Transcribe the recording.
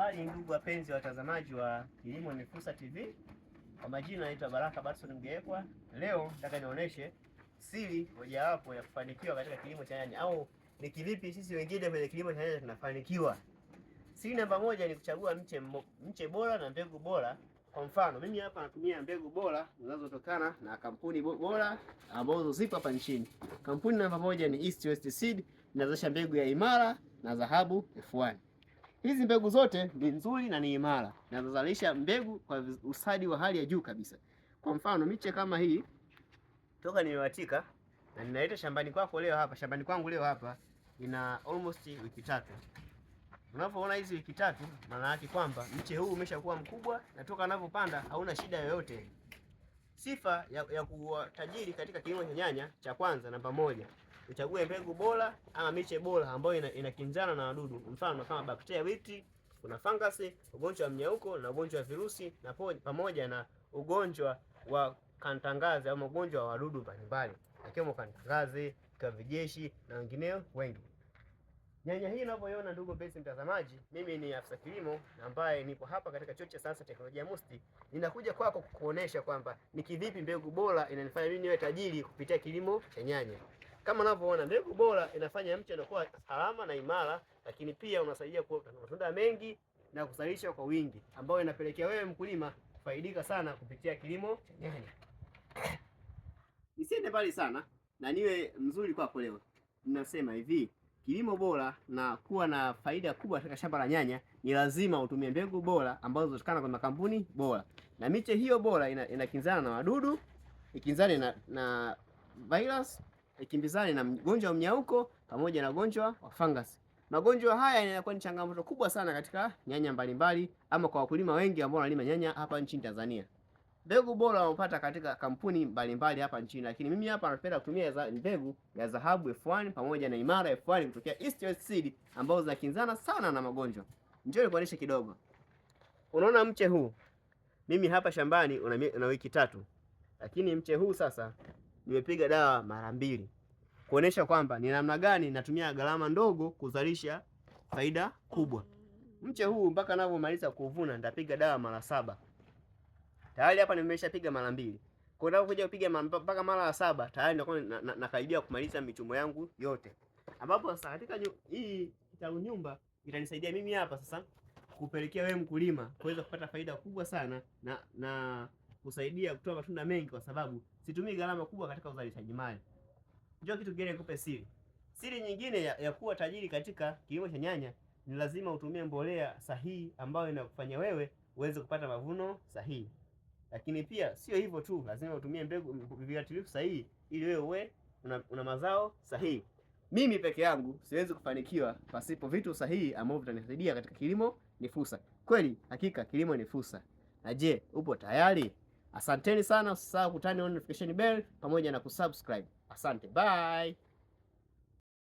Habari ndugu wapenzi watazamaji wa Kilimo ni Fursa TV, kwa majina naitwa Baraka Batson Mgeekwa. Leo nataka nionyeshe siri mojawapo ya kufanikiwa katika kilimo cha nyanya, au ni kivipi sisi wengine kwenye kilimo cha nyanya tunafanikiwa. Siri namba moja ni kuchagua mche, mche bora na mbegu bora. Kwa mfano mimi hapa natumia mbegu bora zinazotokana na kampuni bora ambazo zipo hapa nchini. Kampuni namba moja ni East West Seed, inazalisha mbegu ya Imara na Dhahabu F1. Hizi mbegu zote ni nzuri na ni imara nazozalisha mbegu kwa usadi wa hali ya juu kabisa. Kwa mfano miche kama hii toka nimewatika na ninaleta shambani kwako leo hapa, shambani kwangu leo hapa, ina almost wiki tatu. Unapoona hizi wiki tatu, maana yake kwamba mche huu umeshakuwa mkubwa na toka anavyopanda hauna shida yoyote. Sifa ya, ya kuwa tajiri katika kilimo cha nyanya, cha kwanza, namba moja uchague mbegu bora ama miche bora ambayo inakinzana ina na wadudu, mfano kama bakteria witi, kuna fangasi, ugonjwa wa mnyauko na ugonjwa wa virusi na po, pamoja na ugonjwa wa kantangazi au ugonjwa wa wadudu mbalimbali akiwemo kantangazi, kavijeshi na wengineo wengi. Nyanya hii unavyoiona ndugu basi mtazamaji, mimi ni afisa kilimo ambaye nipo hapa katika chuo cha sayansi teknolojia Musti, Ninakuja kwako kukuonesha kwamba ni kivipi mbegu bora inanifanya mimi niwe tajiri kupitia kilimo cha nyanya. Kama unavyoona mbegu bora inafanya mche unakuwa salama na imara, lakini pia unasaidia kuota matunda mengi na kuzalisha kwa wingi, ambayo inapelekea wewe mkulima kufaidika sana kupitia kilimo cha nyanya. Nisiende mbali sana na niwe mzuri kwako leo, ninasema hivi kilimo bora na kuwa na faida kubwa katika shamba la nyanya ni lazima utumie mbegu bora ambazo zinatokana kwenye makampuni bora, na miche hiyo bora inakinzana ina na wadudu, ikinzane na, na virus ikimbizane na mgonjwa wa mnyauko pamoja na ugonjwa wa fungus. Magonjwa haya yanakuwa ni changamoto kubwa sana katika nyanya mbalimbali, mbali, ama kwa wakulima wengi ambao wanalima nyanya hapa nchini Tanzania. Mbegu bora wanapata katika kampuni mbalimbali mbali hapa nchini, lakini mimi hapa napenda kutumia za mbegu ya Dhahabu F1 pamoja na Imara F1 kutokea East West Seed ambazo zinakinzana sana na magonjwa. Njoo nikuonyeshe kidogo. Unaona mche huu mimi hapa shambani una, una wiki tatu, lakini mche huu sasa nimepiga dawa mara mbili kuonesha kwamba ni namna gani natumia gharama ndogo kuzalisha faida kubwa. Mche huu mpaka ninapomaliza kuvuna nitapiga dawa mara saba. Tayari hapa nimeshapiga mara mbili. Kwa hiyo kuja kupiga mpaka mara ya saba tayari ndio na, na, kumaliza michumo yangu yote. Ambapo sasa katika hii kitalu nyumba itanisaidia mimi hapa sasa kupelekea wewe mkulima kuweza kupata faida kubwa sana na na husaidia kutoa matunda mengi kwa sababu situmii gharama kubwa katika uzalishaji mali. Ndio kitu kingine nikupe siri. Siri nyingine ya, ya kuwa tajiri katika kilimo cha nyanya ni lazima utumie mbolea sahihi ambayo inakufanya wewe uweze kupata mavuno sahihi. Lakini pia sio hivyo tu, lazima utumie mbegu viuatilifu sahihi ili wewe uwe una, una mazao sahihi. Mimi peke yangu siwezi kufanikiwa pasipo vitu sahihi ambavyo vitanisaidia katika kilimo. Ni fursa kweli, hakika kilimo ni fursa. Na je, upo tayari? Asanteni sana, usisahau kutani on notification bell pamoja na kusubscribe. Asante, bye.